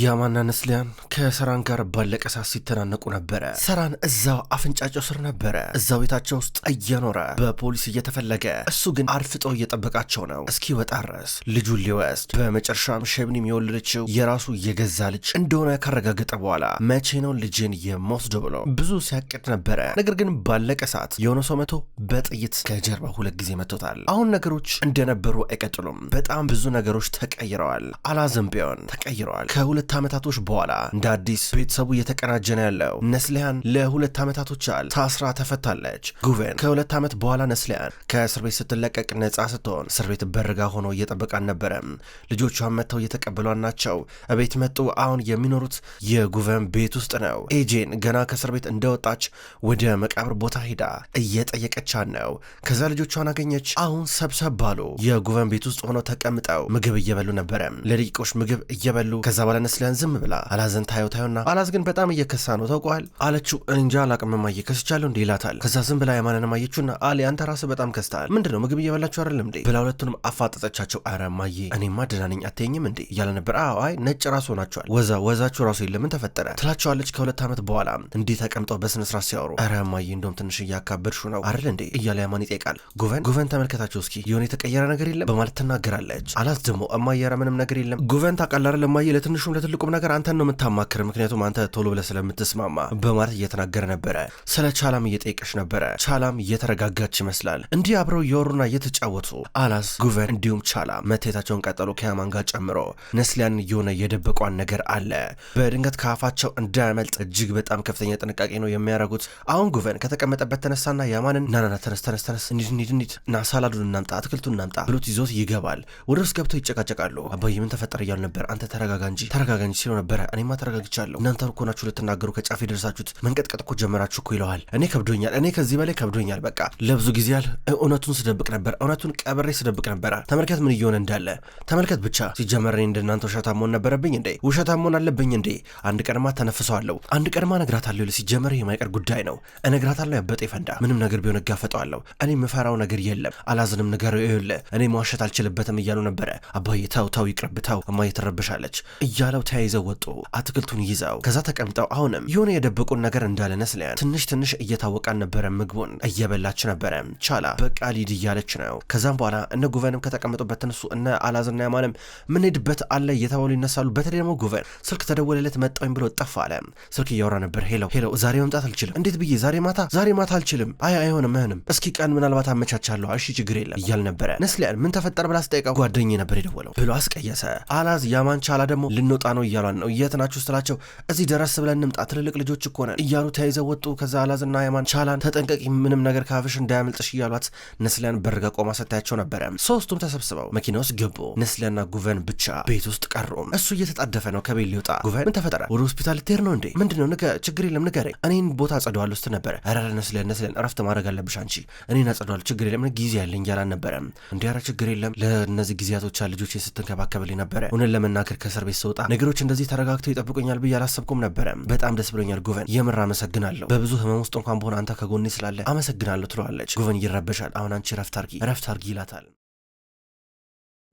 ያማና ነስሊያን ከሰራን ጋር ባለቀ ሰዓት ሲተናነቁ ነበረ። ሰራን እዛው አፍንጫቸው ስር ነበረ፣ እዛው ቤታቸው ውስጥ እየኖረ በፖሊስ እየተፈለገ፣ እሱ ግን አርፍጦ እየጠበቃቸው ነው ወጣ ድረስ ልጁን ሊወስድ። በመጨረሻም ሸብኒም የወለደችው የራሱ የገዛ ልጅ እንደሆነ ካረጋገጠ በኋላ መቼ ነው ልጅን የምወስደው ብሎ ብዙ ሲያቅድ ነበረ። ነገር ግን ባለቀ ሰዓት የሆነ ሰው መቶ በጥይት ከጀርባ ሁለት ጊዜ መቶታል። አሁን ነገሮች እንደነበሩ አይቀጥሉም። በጣም ብዙ ነገሮች ተቀይረዋል። አላዘም ቢሆን ተቀይረዋል። ከሁለት ዓመታቶች በኋላ እንደ አዲስ ቤተሰቡ እየተቀናጀ ነው ያለው። ነስሊያን ለሁለት ዓመታቶች ያህል ታስራ ተፈታለች። ጉቨን ከሁለት ዓመት በኋላ ነስሊያን ከእስር ቤት ስትለቀቅ ነጻ ስትሆን እስር ቤት በርጋ ሆኖ እየጠበቃ አልነበረም። ልጆቿን መጥተው እየተቀበሏን ናቸው። እቤት መጡ። አሁን የሚኖሩት የጉቨን ቤት ውስጥ ነው። ኤጄን ገና ከእስር ቤት እንደወጣች ወደ መቃብር ቦታ ሄዳ እየጠየቀቻን ነው። ከዛ ልጆቿን አገኘች። አሁን ሰብሰብ ባሉ የጉቨን ቤት ውስጥ ሆነው ተቀምጠው ምግብ እየበሉ ነበረ። ለደቂቆች ምግብ እየበሉ ከዛ በኋላ ስለንስለህን ዝም ብላ አላዘን ታየው ታየውና አላዝ ግን በጣም እየከሳ ነው ታውቀዋል አለችው። እንጃ አላቅም እማዬ ከስቻለሁ እንዲህ ይላታል። ከዛ ዝም ብላ የማንን ማየችውና አሊ አንተ ራስህ በጣም ከስተሃል ምንድነው ምግብ እየበላችሁ አይደለም እንዴ ብላ ሁለቱንም አፋጠጠቻቸው። አረ እማዬ እኔማ ደህና ነኝ አትየኝም እንዴ እያለ ነበር። አዎ አይ ነጭ ራስ ሆናችኋል ወዛ ወዛችሁ ራሱ የለምን ተፈጠረ ትላቸዋለች። ከሁለት ዓመት በኋላ እንዲህ ተቀምጠው በስነስርዓት ሲያወሩ አረ እማዬ እንደውም ትንሽ እያካበድሹ ነው አይደል እንዴ እያለ ያማን ይጠይቃል። ጉቨን ጉቨን ተመልከታቸው እስኪ የሆነ የተቀየረ ነገር የለም በማለት ትናገራለች። አላት ደግሞ እማዬ ኧረ ምንም ነገር የለም ጉቨን ታውቃለህ አይደል እማዬ ለትንሹም በጣም ለትልቁም ነገር አንተን ነው የምታማክር፣ ምክንያቱም አንተ ቶሎ ብለህ ስለምትስማማ በማለት እየተናገረ ነበረ። ስለ ቻላም እየጠየቀች ነበረ። ቻላም እየተረጋጋች ይመስላል። እንዲህ አብረው እየወሩና እየተጫወቱ አላስ ጉቨን እንዲሁም ቻላ መታየታቸውን ቀጠሉ። ከያማን ጋር ጨምሮ ነስሊያን እየሆነ የደበቋን ነገር አለ። በድንገት ከአፋቸው እንዳያመልጥ እጅግ በጣም ከፍተኛ ጥንቃቄ ነው የሚያደርጉት። አሁን ጉቨን ከተቀመጠበት ተነሳና ያማንን ናናና ተነስ ተነስ ተነስ እንዲድ እንዲድ እንዲድ ና ሳላዱን እናምጣ አትክልቱን እናምጣ ብሎት ይዞት ይገባል። ወደ ውስጥ ገብተው ይጨቃጨቃሉ። አባዬ ምን ተፈጠረ እያሉ ነበር። አንተ ተረጋጋ እንጂ ተረጋጋኝ ሲለው ነበረ። እኔማ ተረጋግቻለሁ። እናንተ እኮ ናችሁ ልትናገሩ ከጫፍ የደረሳችሁት። መንቀጥቀጥ እኮ ጀመራችሁ እኮ ይለዋል። እኔ ከብዶኛል፣ እኔ ከዚህ በላይ ከብዶኛል። በቃ ለብዙ ጊዜ ያል እውነቱን ስደብቅ ነበር፣ እውነቱን ቀብሬ ስደብቅ ነበረ። ተመልከት ምን እየሆነ እንዳለ ተመልከት ብቻ። ሲጀመር እኔ እንደናንተ ውሸታ መሆን ነበረብኝ እንዴ? ውሸታ መሆን አለብኝ እንዴ? አንድ ቀንማ ተነፍሰዋለሁ፣ አንድ ቀንማ እነግራታለሁ። ሲጀመር የማይቀር ጉዳይ ነው፣ እነግራታለሁ። ያበጠ ይፈንዳ፣ ምንም ነገር ቢሆን እጋፈጠዋለሁ። እኔ የምፈራው ነገር የለም፣ አላዝንም። ነገር ይኸውልህ እኔ መዋሸት አልችልበትም እያሉ ነበረ። አባዬ ተው ተው፣ ይቅርብ ተው፣ እማዬ ትረብሻለች እያለ እንዳለው ተያይዘው ወጡ። አትክልቱን ይዘው ከዛ ተቀምጠው አሁንም የሆነ የደበቁን ነገር እንዳለ ነስሊያን ትንሽ ትንሽ እየታወቀ ነበረ። ምግቡን እየበላች ነበረ። ቻላ በቃ ሊድ እያለች ነው። ከዛም በኋላ እነ ጉቨንም ከተቀመጡበት ተነሱ። እነ አላዝና ያማንም ምንሄድበት አለ እየተባሉ ይነሳሉ። በተለይ ደግሞ ጉቨን ስልክ ተደወለለት መጣሁኝ ብሎ ጠፋ አለ። ስልክ እያወራ ነበር። ሄሎ ሄሎ፣ ዛሬ መምጣት አልችልም። እንዴት ብዬ ዛሬ ማታ ዛሬ ማታ አልችልም። አይ አይሆንም አይሆንም፣ እስኪ ቀን ምናልባት አመቻቻለሁ። እሺ ችግር የለም እያል ነበረ። ነስሊያን ምን ተፈጠረ ብላ ስጠይቀው ጓደኝ ነበር የደወለው ብሎ አስቀየሰ። አላዝ ያማን ቻላ ደግሞ ልንወጣ ልንወጣ ነው እያሏን ነው። የት ናችሁ ስትላቸው እዚህ ደረስ ብለን እንምጣ ትልልቅ ልጆች እኮ ነን እያሉ ተያይዘው ወጡ። ከዛ አላዝና ሃይማን ቻላን ተጠንቀቂ፣ ምንም ነገር ካፍሽ እንዳያመልጥሽ እያሏት ነስሊያን በርጋ ቆማ ስታያቸው ነበረ። ሶስቱም ተሰብስበው መኪና ውስጥ ገቡ። ነስሊያና ጉቨን ብቻ ቤት ውስጥ ቀሩም። እሱ እየተጣደፈ ነው ከቤት ሊወጣ። ጉቨን ምን ተፈጠረ? ወደ ሆስፒታል ልትሄድ ነው እንዴ? ምንድነው? ንገ ችግር የለም ንገረኝ፣ እኔን ቦታ አጸደዋለሁ ስትል ነበረ። ረረ ነስሊያን ነስሊያን እረፍት ማድረግ አለብሽ አንቺ፣ እኔን አጸደዋለሁ ችግር የለም ጊዜ ያለኝ እያላን ነበረ። እንዲያረ ችግር የለም ለእነዚህ ጊዜያቶች ልጆች ስትንከባከብልኝ ነበረ። እውነት ለመናገር ከእስር ቤት ስወጣ ነገሮች እንደዚህ ተረጋግተው ይጠብቁኛል ብዬ አላሰብኩም ነበረ። በጣም ደስ ብሎኛል ጉቨን፣ የምር አመሰግናለሁ። በብዙ ህመም ውስጥ እንኳን በሆነ አንተ ከጎኔ ስላለ አመሰግናለሁ ትለዋለች። ጉቨን ይረበሻል። አሁን አንቺ ረፍት አርጊ፣ ረፍት አርጊ ይላታል።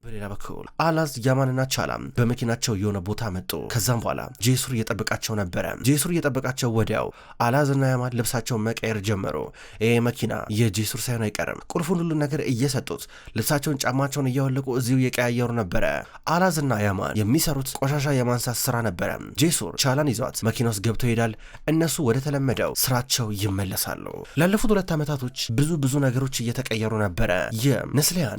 በሌላ በኩል አላዝ ያማንና ቻላም በመኪናቸው የሆነ ቦታ መጡ። ከዛም በኋላ ጄሱር እየጠበቃቸው ነበረ። ጄሱር እየጠበቃቸው ወዲያው አላዝና ያማን ልብሳቸውን መቀየር ጀመሩ። ይህ መኪና የጄሱር ሳይሆን አይቀርም። ቁልፉን፣ ሁሉ ነገር እየሰጡት ልብሳቸውን፣ ጫማቸውን እያወለቁ እዚሁ እየቀያየሩ ነበረ። አላዝና ያማን የሚሰሩት ቆሻሻ የማንሳት ስራ ነበረ። ጄሱር ቻላን ይዟት መኪና ውስጥ ገብቶ ይሄዳል። እነሱ ወደ ተለመደው ስራቸው ይመለሳሉ። ላለፉት ሁለት ዓመታቶች ብዙ ብዙ ነገሮች እየተቀየሩ ነበረ። ይህ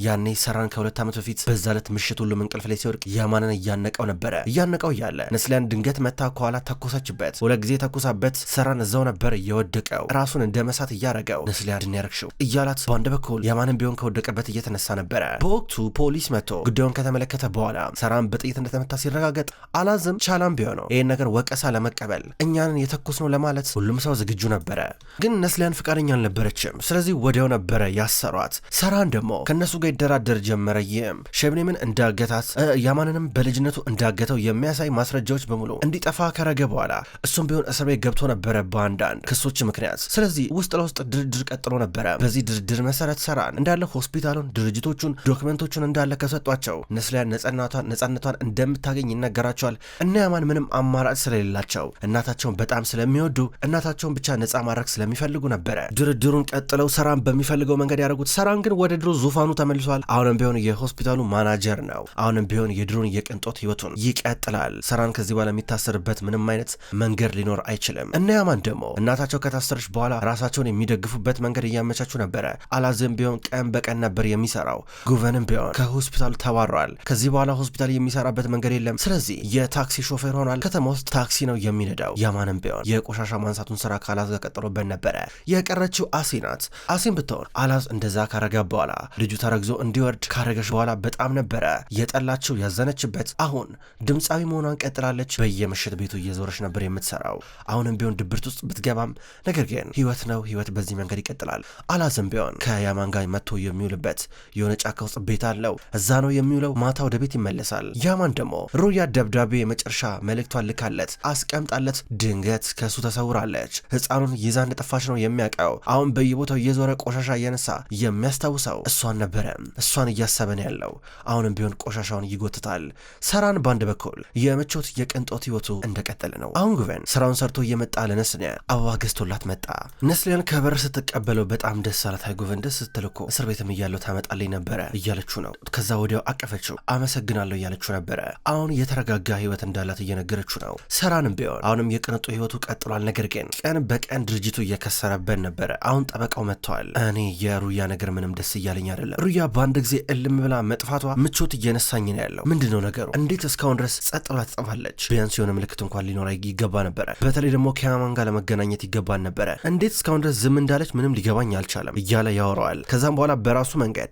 ያኔ ሰራን ከሁለት ዓመት በፊት በዛ ዕለት ምሽት ሁሉም እንቅልፍ ላይ ሲወድቅ ያማንን እያነቀው ነበረ። እያነቀው እያለ ነስሊያን ድንገት መታ ከኋላ ተኮሰችበት። ሁለት ጊዜ ተኮሳበት። ሰራን እዛው ነበር የወደቀው ራሱን እንደ መሳት እያረገው ነስሊያን ድን ያረግሽው እያላት በአንድ በኩል ያማንን ቢሆን ከወደቀበት እየተነሳ ነበረ። በወቅቱ ፖሊስ መጥቶ ጉዳዩን ከተመለከተ በኋላ ሰራን በጥይት እንደተመታ ሲረጋገጥ አላዝም ቻላም ቢሆነው ይህን ነገር ወቀሳ ለመቀበል እኛንን የተኩስ ነው ለማለት ሁሉም ሰው ዝግጁ ነበረ። ግን ነስሊያን ፍቃደኛ አልነበረችም። ስለዚህ ወዲያው ነበረ ያሰሯት። ሰራን ደግሞ ከእነሱ ጋር ይደራደር ጀመረ። ይህም ሸብኔምን እንዳገታት ያማንንም በልጅነቱ እንዳገተው የሚያሳይ ማስረጃዎች በሙሉ እንዲጠፋ ከረገ በኋላ እሱም ቢሆን እስር ቤት ገብቶ ነበረ በአንዳንድ ክሶች ምክንያት። ስለዚህ ውስጥ ለውስጥ ድርድር ቀጥሎ ነበረ። በዚህ ድርድር መሰረት ሰራን እንዳለ ሆስፒታሉን፣ ድርጅቶቹን፣ ዶክመንቶቹን እንዳለ ከሰጧቸው ነስሊያን ነጻነቷን ነጻነቷን እንደምታገኝ ይነገራቸዋል። እነ ያማን ምንም አማራጭ ስለሌላቸው እናታቸውን በጣም ስለሚወዱ እናታቸውን ብቻ ነጻ ማድረግ ስለሚፈልጉ ነበረ ድርድሩን ቀጥለው ሰራን በሚፈልገው መንገድ ያደረጉት። ሰራን ግን ወደ ድሮ ዙፋኑ ተመልሷል። አሁንም ቢሆን የሆስፒታሉ ማናጀር ነው። አሁንም ቢሆን የድሮን የቅንጦት ህይወቱን ይቀጥላል። ሰራን ከዚህ በኋላ የሚታሰርበት ምንም አይነት መንገድ ሊኖር አይችልም። እነ ያማን ደግሞ እናታቸው ከታሰረች በኋላ ራሳቸውን የሚደግፉበት መንገድ እያመቻቹ ነበረ። አላዝም ቢሆን ቀን በቀን ነበር የሚሰራው። ጉቨንም ቢሆን ከሆስፒታሉ ተባሯል። ከዚህ በኋላ ሆስፒታል የሚሰራበት መንገድ የለም። ስለዚህ የታክሲ ሾፌር ሆኗል። ከተማ ውስጥ ታክሲ ነው የሚነዳው። ያማንም ቢሆን የቆሻሻ ማንሳቱን ስራ ከአላዝ ጋር ቀጥሎበት ነበረ። የቀረችው አሲ ናት። አሲም ብትሆን አላዝ እንደዛ ካረጋ በኋላ ልጁ ተረግዞ እንዲወርድ ካረገች በኋላ በጣም በጣም ነበረ የጠላችው ያዘነችበት። አሁን ድምፃዊ መሆኗን ቀጥላለች። በየምሽት ቤቱ እየዞረች ነበር የምትሰራው። አሁንም ቢሆን ድብርት ውስጥ ብትገባም፣ ነገር ግን ህይወት ነው። ህይወት በዚህ መንገድ ይቀጥላል። አላዝም ቢሆን ከያማን ጋር መጥቶ የሚውልበት የሆነ ጫካ ውስጥ ቤት አለው። እዛ ነው የሚውለው። ማታ ወደ ቤት ይመለሳል። ያማን ደግሞ ሩያ ደብዳቤ የመጨረሻ መልእክቷን ልካለት አስቀምጣለት፣ ድንገት ከሱ ተሰውራለች። ህፃኑን ይዛ እንደጠፋች ነው የሚያውቀው። አሁን በየቦታው እየዞረ ቆሻሻ እያነሳ የሚያስታውሰው እሷን ነበረ። እሷን እያሰበን ያለው አሁንም ቢሆን ቆሻሻውን ይጎትታል። ሰራን በአንድ በኩል የምቾት የቅንጦት ህይወቱ እንደቀጠለ ነው። አሁን ጉቨን ስራውን ሰርቶ እየመጣ ለነስሊያ አበባ ገዝቶላት መጣ። ነስሊያን ከበር ስትቀበለው በጣም ደስ አላት። አይ ጉቨን ደስ ስትልኮ እስር ቤትም እያለው ታመጣልኝ ነበረ እያለችው ነው። ከዛ ወዲያው አቀፈችው። አመሰግናለሁ እያለችው ነበረ። አሁን የተረጋጋ ህይወት እንዳላት እየነገረችው ነው። ሰራንም ቢሆን አሁንም የቅንጡ ህይወቱ ቀጥሏል። ነገር ግን ቀን በቀን ድርጅቱ እየከሰረበን ነበረ። አሁን ጠበቃው መጥተዋል። እኔ የሩያ ነገር ምንም ደስ እያለኝ አይደለም። ሩያ በአንድ ጊዜ እልም ብላ መጥፋት መምጣቷ ምቾት እየነሳኝ ነው ያለው። ምንድን ነው ነገሩ? እንዴት እስካሁን ድረስ ጸጥ ብላ ትጠፋለች? ቢያንስ የሆነ ምልክት እንኳን ሊኖራ ይገባ ነበረ። በተለይ ደግሞ ከያማን ጋር ለመገናኘት ይገባን ነበረ። እንዴት እስካሁን ድረስ ዝም እንዳለች ምንም ሊገባኝ አልቻለም እያለ ያወራዋል። ከዛም በኋላ በራሱ መንገድ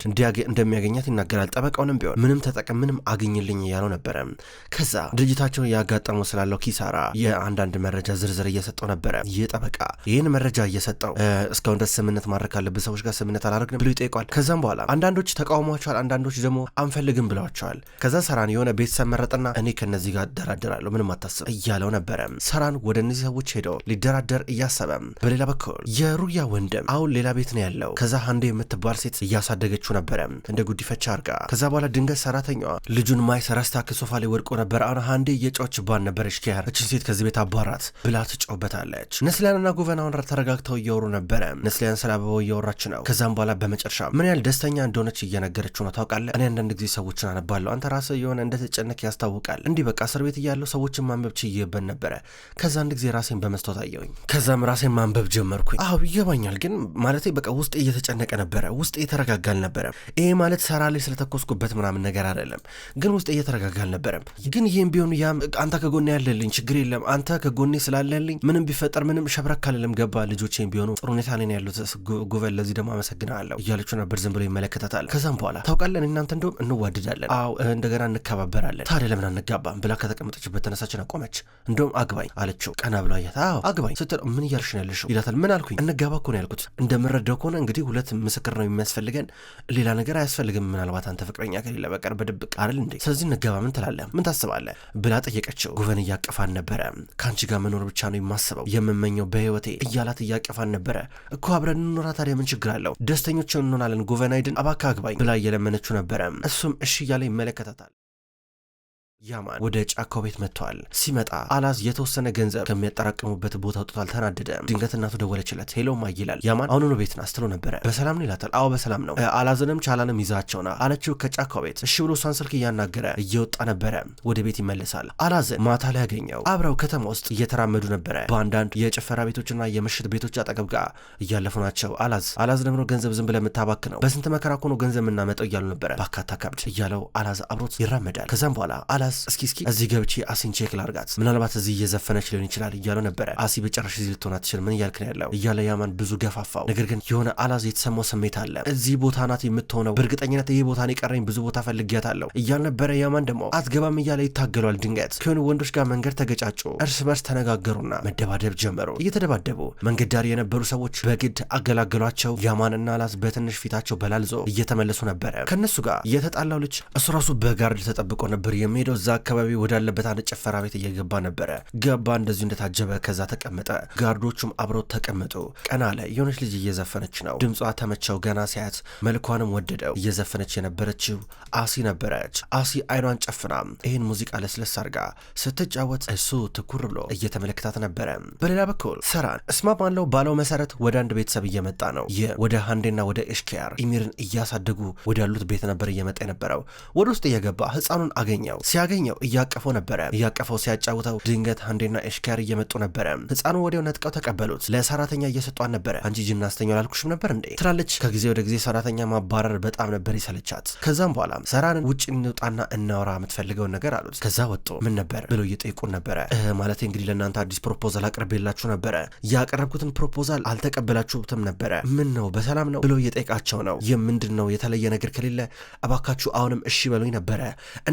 እንደሚያገኛት ይናገራል። ጠበቃውንም ቢሆን ምንም ተጠቀም ምንም አግኝልኝ እያለው ነበረ። ከዛ ድርጅታቸውን ያጋጠመው ስላለው ኪሳራ የአንዳንድ መረጃ ዝርዝር እየሰጠው ነበረ። ይህ ጠበቃ ይህን መረጃ እየሰጠው እስካሁን ድረስ ስምነት ማድረግ ካለብህ ሰዎች ጋር ስምነት አላደርግንም ብሎ ይጠይቋል። ከዛም በኋላ አንዳንዶች ተቃውሟቸዋል፣ አንዳንዶች ደግሞ አንፈልግም ብለዋቸዋል። ከዛ ሰራን የሆነ ቤተሰብ መረጠና እኔ ከነዚህ ጋር እደራደራለሁ ምንም አታስብ እያለው ነበረ። ሰራን ወደ እነዚህ ሰዎች ሄደው ሊደራደር እያሰበ፣ በሌላ በኩል የሩያ ወንድም አሁን ሌላ ቤት ነው ያለው። ከዛ አንዱ የምትባል ሴት እያሳደገችው ነበረ እንደ ጉዲፈቻ አርጋ። ከዛ በኋላ ድንገት ሰራተኛዋ ልጁን ማይ ሰረስታ ከሶፋ ላይ ወድቆ ነበር። አሁን አንዴ እየጫዎች ባል ነበረች። ኪያር እችን ሴት ከዚህ ቤት አባራት ብላ ትጮበታለች። ነስሊያንና ጉቨናውን ተረጋግተው እያወሩ ነበረ። ነስሊያን ስለ አበባው እያወራች ነው። ከዛም በኋላ በመጨረሻ ምን ያህል ደስተኛ እንደሆነች እየነገረችው ነው። ታውቃለህ እኔ አንዳንድ ጊዜ ሰዎችን አነባለሁ። አንተ ራስህ የሆነ እንደተጨነክ ያስታውቃል። እንዲህ በቃ እስር ቤት እያለሁ ሰዎችን ማንበብ ችዬበት ነበረ። ከዛ አንድ ጊዜ ራሴን በመስታወት አየውኝ። ከዛም ራሴን ማንበብ ጀመርኩኝ። አዎ ይገባኛል፣ ግን ማለቴ በቃ ውስጤ እየተጨነቀ ነበረ። ውስጤ የተረጋጋ አልነበረም። ይሄ ማለት ሰራ ላይ ስለተኮስኩበት ምናምን ነገር አይደለም፣ ግን ውስጤ እየተረጋጋ አልነበረም። ግን ይህም ቢሆን ያም አንተ ከጎኔ ያለልኝ ችግር የለም፣ አንተ ከጎኔ ስላለልኝ ምንም ቢፈጠር ምንም ሸብረክ አልልም። ገባ ልጆቼም ቢሆኑ ጥሩ ሁኔታ ላይ ያሉት ጉቨን፣ ለዚህ ደግሞ አመሰግናለሁ እያለችው ነበር። ዝም ብሎ ይመለከታታል። ከዛም በኋላ ታውቃለን እናንተ እንደ ሁሉም እንዋድዳለን፣ አዎ እንደገና እንከባበራለን፣ ታዲያ ለምን አንጋባም ብላ ከተቀመጠችበት ተነሳችን አቆመች። እንደውም አግባኝ አለችው። ቀና ብሎ አያት። አዎ አግባኝ ስትል ምን እያልሽ ነው ያለሽው ይላታል። ምን አልኩኝ? እንጋባ እኮ ነው ያልኩት። እንደምረዳው ከሆነ እንግዲህ ሁለት ምስክር ነው የሚያስፈልገን፣ ሌላ ነገር አያስፈልግም። ምናልባት አንተ ፍቅረኛ ከሌለ በቀር በድብቅ አይደል እንዴ? ስለዚህ እንጋባ። ምን ትላለህ? ምን ታስባለህ? ብላ ጠየቀችው። ጉቨን እያቀፋን ነበረ። ከአንቺ ጋር መኖር ብቻ ነው የማስበው የምመኘው በህይወቴ እያላት እያቀፋን ነበረ እኮ አብረን እንኖራ ታዲያ ምን ችግር አለው? ደስተኞች እንሆናለን። ጉቨን አይድን አባካ አግባኝ ብላ እየለመነችው ነበረ። نفسهم الشيء اللي ملكت ያማን ወደ ጫካው ቤት መጥቷል። ሲመጣ አላዝ የተወሰነ ገንዘብ ከሚያጠራቅሙበት ቦታ ወጥቷል። ተናደደ። ድንገት እናቱ ደወለችለት። ሄሎ ማ ይላል። ያማን አሁኑኑ ቤት ና ስትሎ ነበረ። በሰላም ነው ይላታል። አዎ በሰላም ነው። አላዝንም ቻላንም ይዛቸውና አለችው ከጫካው ቤት። እሺ ብሎ እሷን ስልክ እያናገረ እየወጣ ነበረ። ወደ ቤት ይመለሳል። አላዝን ማታ ላይ ያገኘው አብረው ከተማ ውስጥ እየተራመዱ ነበረ። በአንዳንድ የጭፈራ ቤቶችና የምሽት ቤቶች አጠገብ ጋ እያለፉ ናቸው። አላዝ አላዝ ደግሞ ገንዘብ ዝም ብለህ ነው። በስንት መከራ እኮ ነው ገንዘብ የምናመጠው እያሉ ነበረ። ባካታ ከብድ እያለው አላዝ አብሮት ይራመዳል። ከዛም በኋላ አላዝ ያዝ እስኪ እስኪ እዚህ ገብቼ አሲን ቼክ ላርጋት፣ ምናልባት እዚህ እየዘፈነች ሊሆን ይችላል እያለው ነበረ። አሲ በጨረሽ እዚህ ልትሆን አትችልም፣ ምን እያልክ ነው ያለው እያለ ያማን ብዙ ገፋፋው። ነገር ግን የሆነ አላዝ የተሰማው ስሜት አለ። እዚህ ቦታ ናት የምትሆነው፣ በእርግጠኝነት ይህ ቦታ ነው የቀረኝ፣ ብዙ ቦታ ፈልጊያት አለው እያል ነበረ። ያማን ደግሞ አትገባም እያለ ይታገሏል። ድንገት ከሆኑ ወንዶች ጋር መንገድ ተገጫጩ። እርስ በርስ ተነጋገሩና መደባደብ ጀመሩ። እየተደባደቡ መንገድ ዳር የነበሩ ሰዎች በግድ አገላገሏቸው። ያማንና አላዝ በትንሽ ፊታቸው በላልዞ እየተመለሱ ነበረ። ከእነሱ ጋር የተጣላው ልጅ እሱ ራሱ በጋርድ ተጠብቆ ነበር የሚሄደው እዛ አካባቢ ወዳለበት አንድ ጭፈራ ቤት እየገባ ነበረ። ገባ እንደዚሁ እንደታጀበ፣ ከዛ ተቀመጠ። ጋርዶቹም አብረው ተቀመጡ። ቀና አለ። የሆነች ልጅ እየዘፈነች ነው። ድምጿ ተመቸው ገና ሲያት፣ መልኳንም ወደደው። እየዘፈነች የነበረችው አሲ ነበረች። አሲ አይኗን ጨፍና ይህን ሙዚቃ ለስለስ አድርጋ ስትጫወት እሱ ትኩር ብሎ እየተመለከታት ነበረ። በሌላ በኩል ሰራን እስማማለው ባለው መሰረት ወደ አንድ ቤተሰብ እየመጣ ነው። ወደ ሀንዴና ወደ ኤሽኪያር ኢሚርን እያሳደጉ ወዳሉት ቤት ነበር እየመጣ የነበረው። ወደ ውስጥ እየገባ ህፃኑን አገኘው። ሲያገኘው እያቀፈው ነበረ። እያቀፈው ሲያጫውተው ድንገት አንዴና ኤሽካር እየመጡ ነበረ። ህፃኑ ወዲያው ነጥቀው ተቀበሉት። ለሰራተኛ እየሰጧን ነበረ። አንቺ ጅናስተኛው ላልኩሽም ነበር እንዴ ትላለች። ከጊዜ ወደ ጊዜ ሰራተኛ ማባረር በጣም ነበር ይሰለቻት። ከዛም በኋላ ሰራን ውጭ እንውጣና እናወራ የምትፈልገውን ነገር አሉት። ከዛ ወጡ ምን ነበር ብሎ እየጠይቁን ነበረ። ማለት እንግዲህ ለእናንተ አዲስ ፕሮፖዛል አቅርቤላችሁ ነበረ። ያቀረብኩትን ፕሮፖዛል አልተቀበላችሁትም ነበረ። ምን ነው በሰላም ነው ብሎ እየጠይቃቸው ነው። ይህ ምንድን ነው የተለየ ነገር ከሌለ እባካችሁ አሁንም እሺ በሉኝ ነበረ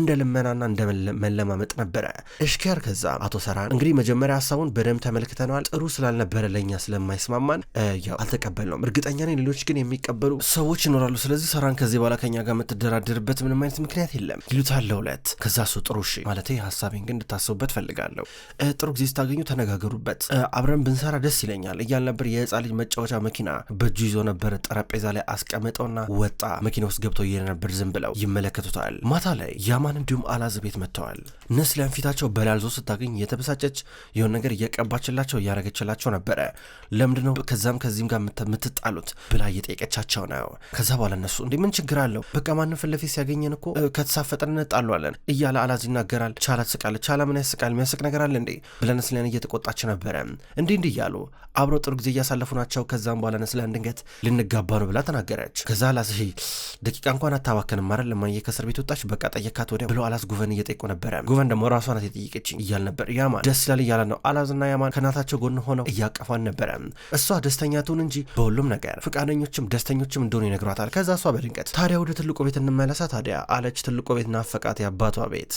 እንደ ልመናና እንደ መለማመጥ ነበረ። እሽኪያር ከዛ አቶ ሰራን እንግዲህ መጀመሪያ ሀሳቡን በደንብ ተመልክተነዋል። ጥሩ ስላልነበረ ለእኛ ስለማይስማማን ያው አልተቀበልነውም። እርግጠኛ ነኝ ሌሎች ግን የሚቀበሉ ሰዎች ይኖራሉ። ስለዚህ ሰራን ከዚህ በኋላ ከኛ ጋር የምትደራደርበት ምንም አይነት ምክንያት የለም ይሉታል ሁለት። ከዛ እሱ ጥሩ እሺ ማለት ሀሳቤን ግን እንድታስቡበት ፈልጋለሁ። ጥሩ ጊዜ ስታገኙ ተነጋገሩበት፣ አብረን ብንሰራ ደስ ይለኛል እያል ነበር። የህፃ ልጅ መጫወቻ መኪና በእጁ ይዞ ነበር። ጠረጴዛ ላይ አስቀምጠውና ወጣ። መኪና ውስጥ ገብተው እየነበር ዝም ብለው ይመለከቱታል። ማታ ላይ ያማን እንዲሁም አላዝ ቤት መጥተዋል። ነስሊያን ፊታቸው በላልዞ ስታገኝ የተበሳጨች የሆነ ነገር እየቀባችላቸው እያረገችላቸው ነበረ። ለምንድን ነው ከዛም ከዚህም ጋር የምትጣሉት ብላ እየጠየቀቻቸው ነው። ከዛ በኋላ እነሱ እንዴ ምን ችግር አለው በቃ ማንም ፊት ለፊት ሲያገኘን እኮ ከተሳፈጠን እንጣሏለን እያለ አላዝ ይናገራል። ቻላ ትስቃለች። ቻላ ምን ያስቃል? የሚያስቅ ነገር አለ እንዴ ብላ ነስሊያን እየተቆጣች ነበረ። እንዲህ እንዲህ እያሉ አብረው ጥሩ ጊዜ እያሳለፉ ናቸው። ከዛም በኋላ ነስሊያን ድንገት ልንጋባ ነው ብላ ተናገረች። ከዛ አላዝ ደቂቃ እንኳን አታባከንም አይደል ለማየ ከእስር ቤት ወጣች በቃ ጠየካት ወዲያ ብሎ አላዝ ጉቨን እየጠየቁ ነበረ። ጉቨን ደግሞ ራሷ ናት የጠየቀችኝ እያል ነበር። ያማን ደስ ይላል እያለ ነው። አላዝና ያማን ከእናታቸው ጎን ሆነው እያቀፏን ነበረ። እሷ ደስተኛ ትሁን እንጂ በሁሉም ነገር ፍቃደኞችም ደስተኞችም እንደሆኑ ይነግሯታል። ከዛ እሷ በድንቀት ታዲያ ወደ ትልቁ ቤት እንመለሳ ታዲያ አለች። ትልቁ ቤት ናፈቃት፣ የአባቷ ቤት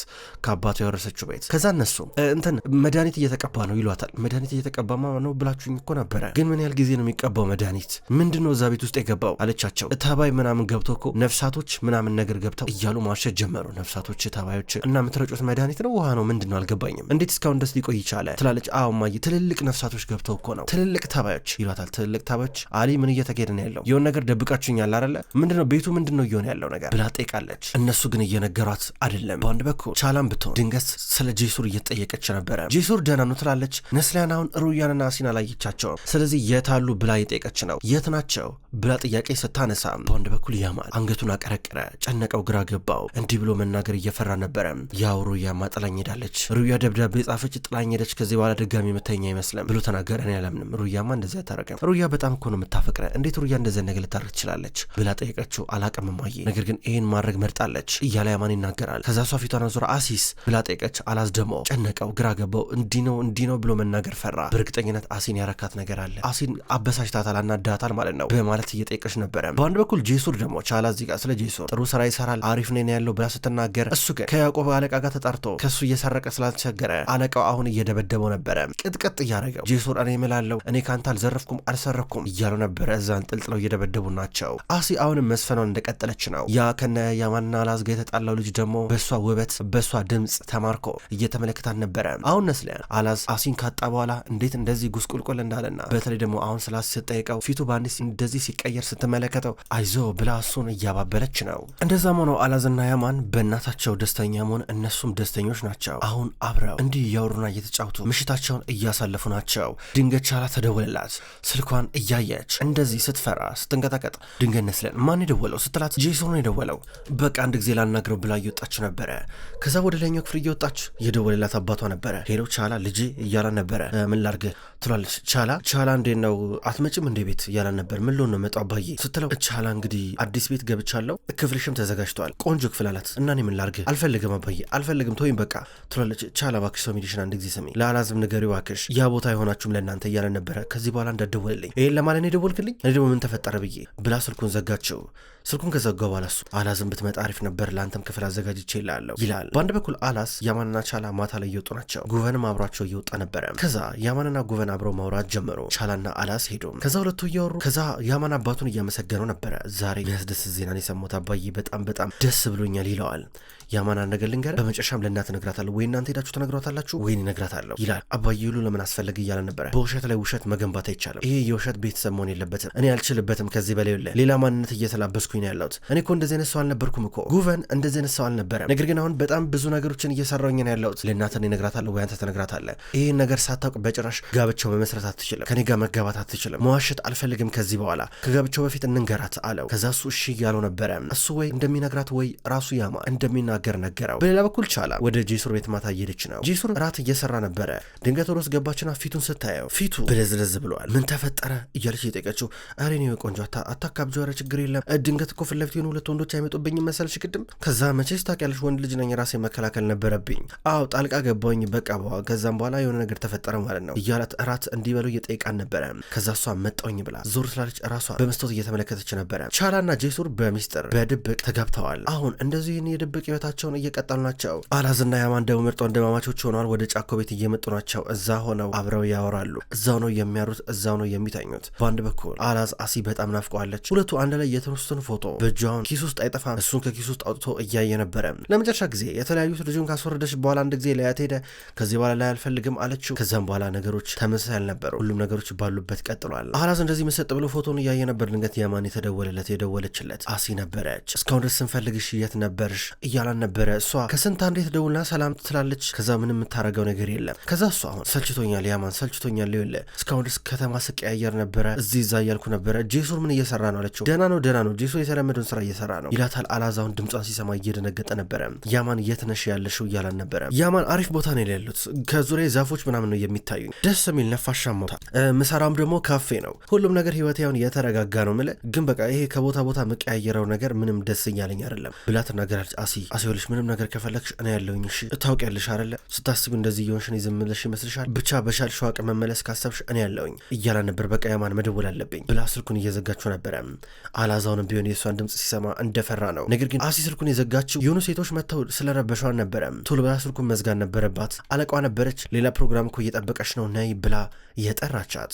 ከአባቷ የወረሰችው ቤት። ከዛ እነሱ እንትን መድኃኒት እየተቀባ ነው ይሏታል። መድኃኒት እየተቀባማ ነው ብላችሁኝ እኮ ነበረ፣ ግን ምን ያህል ጊዜ ነው የሚቀባው መድኃኒት? ምንድን ነው እዛ ቤት ውስጥ የገባው አለቻቸው። ተባይ ምናምን ገብቶ እኮ ነፍሳቶች ምናምን ነገር ገብተው እያሉ ማሸት ጀመሩ። ነፍሳቶች፣ ተባዮች እና የምትረጩት መድኃኒት ነው ውሃ ነው ምንድን ነው አልገባኝም። እንዴት እስካሁን ደስ ሊቆይ ይቻለ ትላለች። አዎ እማዬ ትልልቅ ነፍሳቶች ገብተው እኮ ነው ትልልቅ ተባዮች ይሏታል። ትልልቅ ተባዮች አሊ ምን እየተካሄደ ነው ያለው? የሆነ ነገር ደብቃችሁኛል አለ። ምንድነው ቤቱ ምንድን ነው እየሆነ ያለው ነገር ብላ ጠይቃለች። እነሱ ግን እየነገሯት አይደለም። በአንድ በኩል ቻላም ብትሆን ድንገት ስለ ጄሱር እየጠየቀች ነበረ። ጄሱር ደህና ነው ትላለች። ነስሊያን አሁን ሩያንና አሲን አላየቻቸውም። ስለዚህ የት አሉ ብላ እየጠየቀች ነው። የት ናቸው ብላ ጥያቄ ስታነሳም በአንድ በኩል ያማል አንገቱን አቀረቀረ፣ ጨነቀው፣ ግራ ገባው። እንዲህ ብሎ መናገር እየፈራ ነበረ። ያው ሩያማ ጥላኝ ሄዳለች፣ ሩያ ደብዳቤ ጻፈች ጥላኝ ሄደች፣ ከዚህ በኋላ ድጋሚ የምተኛ አይመስልም ብሎ ተናገረ። እኔ አላምንም፣ ሩያማ እንደዚህ አታረገም፣ ሩያ በጣም እኮ ነው የምታፈቅረ፣ እንዴት ሩያ እንደዚህ ነገር ልታደርግ ትችላለች ብላ ጠየቀችው። አላቅም ማየ፣ ነገር ግን ይህን ማድረግ መርጣለች እያለ ያማን ይናገራል። ከዛ ሷ ፊቷን አዙራ አሲስ ብላ ጠየቀች። አላዝ ጨነቀው፣ ግራ ገባው። እንዲህ ነው እንዲህ ነው ብሎ መናገር ፈራ። በእርግጠኝነት አሲን ያረካት ነገር አለ፣ አሲን አበሳጭታታል፣ አናዳታል ማለት ነው በማለት እየጠየቀች ነበረ። በአንድ በኩል ጄሱር ደግሞ ቻላ እዚህ ጋር ስለ ጄሱር ጥሩ ስራ ይሰራል፣ አሪፍ ነን ያለው ብላ ስትናገር እሱ ግን ከያዕቆብ አለቃ ጋር ተጣርቶ ከሱ እየሰረቀ ስላልቸገረ አለቃው አሁን እየደበደበው ነበረ፣ ቅጥቅጥ እያደረገው። ጄሱር እኔ ምላለው እኔ ካንተ አልዘረፍኩም አልሰረኩም እያሉ ነበረ። እዛን ጥልጥለው እየደበደቡ ናቸው። አሲ አሁንም መስፈኗን እንደቀጠለች ነው። ያ ከነ ያማና ላዝጋ የተጣላው ልጅ ደግሞ በእሷ ውበት በእሷ ድምፅ ተማርኮ እየተመለከታት ነበረ። አሁን ነስሊያን አላዝ አሲን ካጣ በኋላ እንዴት እንደዚህ ጉስቁልቁል እንዳለና በተለይ ደግሞ አሁን ስላሲ ስጠይቀው ፊቱ በአንድ እንደዚህ ሲቀየር ስትመለከተው አይዞ ብላ እሱን እያባበለች ነው። እንደዛም ሆነው አላዝና ያማን በእናታቸው ደስተኛ መሆን ሲሆን እነሱም ደስተኞች ናቸው። አሁን አብረው እንዲህ እያወሩና እየተጫወቱ ምሽታቸውን እያሳለፉ ናቸው። ድንገት ቻላ ተደወለላት። ስልኳን እያየች እንደዚህ ስትፈራ ስትንቀጠቀጥ ድንገት ነስለን ማን የደወለው ስትላት ጄሶን የደወለው በቃ አንድ ጊዜ ላናግረው ብላ እየወጣች ነበረ። ከዛ ወደ ላይኛው ክፍል እየወጣች የደወለላት አባቷ ነበረ። ሄሎ ቻላ ልጄ እያላ ነበረ። ምን ላርግ ትሏለች። ቻላ ቻላ እንዴት ነው አትመጭም እንዴ ቤት እያላ ነበር። ምን ልሆን ነው መጣሁ አባዬ ስትለው ቻላ እንግዲህ አዲስ ቤት ገብቻለሁ ክፍልሽም ተዘጋጅቷል ቆንጆ ክፍል አላት። እና እኔ ምን ላርግ አልፈልግም አባዬ አባዬ አልፈልግም ተወይም በቃ ትላለች። ቻላ እባክሽ ሰው ሚዲሽን አንድ ጊዜ ስሚ ለአላዝም ንገሪው እባክሽ ያ ቦታ አይሆናችሁም ለእናንተ እያለ ነበረ። ከዚህ በኋላ እንዳደወልልኝ ይሄን ለማለት ነው የደወልክልኝ እኔ ደግሞ ምን ተፈጠረ ብዬ ብላ ስልኩን ዘጋቸው። ስልኩን ከዘጋው በኋላ እሱ አላዝም ብትመጣ አሪፍ ነበር ለአንተም ክፍል አዘጋጅቼ ይላለሁ ይላል። በአንድ በኩል አላስ ያማንና ቻላ ማታ ላይ እየወጡ ናቸው። ጉቨንም አብሯቸው እየወጣ ነበረ። ከዛ ያማንና ጉቨን አብረው ማውራት ጀመሩ። ቻላና አላስ ሄዱ። ከዛ ሁለቱ እያወሩ ከዛ ያማን አባቱን እያመሰገነው ነበረ። ዛሬ የሚያስደስት ዜናን የሰማሁት አባዬ በጣም በጣም ደስ ብሎኛል ይለዋል። ያማን አነገልኝ ልንገር፣ በመጨረሻም ለእናት እነግራታለሁ ወይ እናንተ ሄዳችሁ ተነግሯታላችሁ ወይን እነግራታለሁ ይላል። አባዬ ሁሉ ለምን አስፈለገ እያለ ነበረ። በውሸት ላይ ውሸት መገንባት አይቻልም። ይሄ የውሸት ቤተሰብ መሆን የለበትም። እኔ አልችልበትም። ከዚህ በላይ ለ ሌላ ማንነት እየተላበስኩኝ ነው ያለሁት። እኔ እኮ እንደዚህ አይነት ሰው አልነበርኩም እኮ ጉቨን፣ እንደዚህ አይነት ሰው አልነበረም። ነገር ግን አሁን በጣም ብዙ ነገሮችን እየሰራውኝ ነው ያለሁት። ለእናት እኔ እነግራታለሁ ወይ አንተ ተነግራታለ። ይህን ነገር ሳታውቅ በጭራሽ ጋብቻው መመስረት አትችልም። ከኔ ጋር መጋባት አትችልም። መዋሸት አልፈልግም ከዚህ በኋላ ከጋብቻው በፊት እንንገራት አለው። ከዛ እሱ እሺ እያለው ነበረ። እሱ ወይ እንደሚነግራት ወይ ራሱ ያማ እንደሚናገር ነገረው። በሌላ በኩል ቻላ ወደ ጄሱር ቤት ማታ እየሄደች ነው። ጄሱር ራት እየሰራ ነበረ። ድንገት ወደ ውስጥ ገባችና ፊቱን ስታየው ፊቱ ብለዝለዝ ብለዋል። ምን ተፈጠረ እያለች እየጠየቀችው፣ ኧረ እኔ ቆንጆ አታካብጆ፣ ኧረ ችግር የለም ድንገት እኮ ፊት ለፊት የሆኑ ሁለት ወንዶች አይመጡብኝም መሰለሽ ቅድም? ከዛ መቼስ ታውቂያለሽ ወንድ ልጅ ነኝ ራሴ መከላከል ነበረብኝ። አዎ ጣልቃ ገባኝ በቃ በኋላ ከዛም በኋላ የሆነ ነገር ተፈጠረ ማለት ነው እያላት እራት እንዲበሉ እየጠየቃን ነበረ። ከዛ እሷ መጣውኝ ብላ ዞር ስላለች ራሷ በመስታወት እየተመለከተች ነበረ። ቻላና ጄሱር በሚስጥር በድብቅ ተጋብተዋል። አሁን እንደዚህ የድብቅ ህይወታቸውን እየቀጠሉ እየተጣሉ ናቸው። አላዝና ያማን ደግሞ ምርጥ ወንድማማቾች ሆነዋል። ወደ ጫኮ ቤት እየመጡ ናቸው። እዛ ሆነው አብረው ያወራሉ። እዛው ነው የሚያሩት፣ እዛው ነው የሚተኙት። በአንድ በኩል አላዝ አሲ በጣም ናፍቀዋለች። ሁለቱ አንድ ላይ የተነሱትን ፎቶ በእጇን ኪስ ውስጥ አይጠፋም። እሱን ከኪስ ውስጥ አውጥቶ እያየ ነበረ። ለመጨረሻ ጊዜ የተለያዩት ልጁን ካስወረደች በኋላ አንድ ጊዜ ለያት ሄደ። ከዚህ በኋላ ላይ አልፈልግም አለችው። ከዛም በኋላ ነገሮች ተመሳሳይ አልነበሩ። ሁሉም ነገሮች ባሉበት ቀጥሏል። አላዝ እንደዚህ መሰጥ ብሎ ፎቶን እያየ ነበር። ድንገት ያማን የተደወለለት የደወለችለት አሲ ነበረች። እስካሁን ድረስ ስንፈልግሽ የት ነበርሽ እያላን ነበረ። እሷ ከስንት አንዴ ትደውልና ሰላም ትላለች። ከዛ ምንም የምታረገው ነገር የለም። ከዛ እሷ አሁን ሰልችቶኛል፣ ያማን ሰልችቶኛል፣ የለ እስካሁን ድረስ ከተማ ስቀያየር ነበረ፣ እዚህ እዛ እያልኩ ነበረ። ጄሱን ምን እየሰራ ነው አለችው። ደህና ነው ደህና ነው፣ ጄሱ የተለመደውን ስራ እየሰራ ነው ይላታል። አላዛውን ድምጿን ሲሰማ እየደነገጠ ነበረ። ያማን የትነሽ ያለሽው እያላን ነበረ። ያማን አሪፍ ቦታ ነው ያሉት፣ ከዙሪያ ዛፎች ምናምን ነው የሚታዩኝ፣ ደስ የሚል ነፋሻማ ቦታ። ምሰራም ደግሞ ካፌ ነው። ሁሉም ነገር ህይወቴ አሁን የተረጋጋ ነው ምለ ግን በቃ ይሄ ከቦታ ቦታ መቀያየረው ነገር ምንም ደስ እያለኝ አይደለም ብላ ትናገራለች። አሲ አሲ አሲዮልሽ ምንም ነገር ከፈለግሽ እኔ ያለሁኝ። እሺ እታውቂያለሽ አይደለ? ስታስቢ እንደዚህ እየሆንሽ እኔ ዝም ብለሽ ይመስልሻል? ብቻ በቻልሽው አቅም መመለስ ካሰብሽ እኔ ያለውኝ እያላ ነበር። በቃ ያማን መደወል አለብኝ ብላ ስልኩን እየዘጋችው ነበረ። አላዛውንም ቢሆን የእሷን ድምፅ ሲሰማ እንደፈራ ነው። ነገር ግን አሲ ስልኩን የዘጋችው የሆኑ ሴቶች መጥተው ስለረበሿን ነበረ። ቶሎ ብላ ስልኩን መዝጋት ነበረባት። አለቋ ነበረች። ሌላ ፕሮግራም እኮ እየጠበቀች ነው ነይ ብላ የጠራቻት